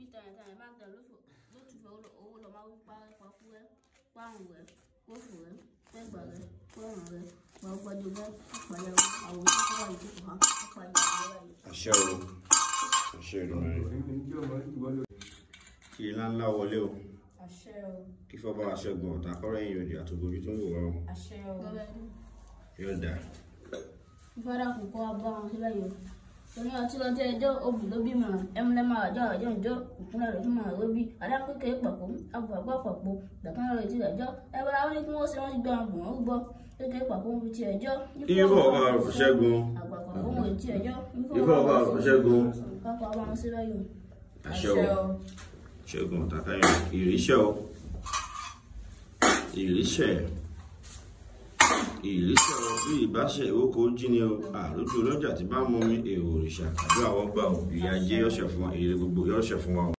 Mítọ̀rẹ̀ tàyẹ̀ bá gbẹ̀ lótùfẹ́ owó lọ máa wí pápákú rẹ̀ páàrùn rẹ̀ kófù rẹ̀ pẹ́gbà rẹ̀ pọ́ọ̀rùn rẹ̀ gbọ́gbọ́dé bọ́ ìpàdé àwọn tó kọ́ ìdí kan ìpàdé àwọn ẹ̀yẹ. àṣẹ o àṣẹ Olódùmarè ńlá wọlé o kí fọ́bá aṣẹ́gun ọ̀tá kọ́rọ̀ ẹ̀yìn òdì àtògbòjú tó ń wò wá o yóò dà. ìfọ́dà kò kọ́ abọ́ àwọn sílẹ̀ yìí sọmi ọtí lọjọ ẹjọ obì ló bí màrán ẹmúlẹmọ àjọ àjọ ìjọ ìpínlẹ̀ rẹ̀ fún màrán ló bí adákùnkè pàpọ abùpàpọ pàpọ gbàgbọ́n lọ retí ẹjọ́ ẹgbẹ́ láwọn ní kí wọ́n ṣe wọ́n gbọ́ àgbọ̀n ó gbọ́ kékeré pàpọ ohun ti ẹjọ́. ifọ̀ ọba àrùkọ̀ṣẹ́gun àgbàpọ̀ ohun ti ẹjọ́ ifọ̀ ọba àrùkọ̀ṣẹ́gun pápá ọba wọn sílẹ̀ yòó. àṣẹ o ṣẹ́gun tàkàyàn ìrìṣẹ́ ìlísẹ̀ o bí ìbáṣẹ̀ ìwókò jí ni o ọlọ́jà tí bá mú mi èrò òrìṣà àdúrà wọn gbà ìyá jẹ́ yọ̀ṣẹ̀ fún èrè gbogbo yọ̀ṣẹ̀ fún wa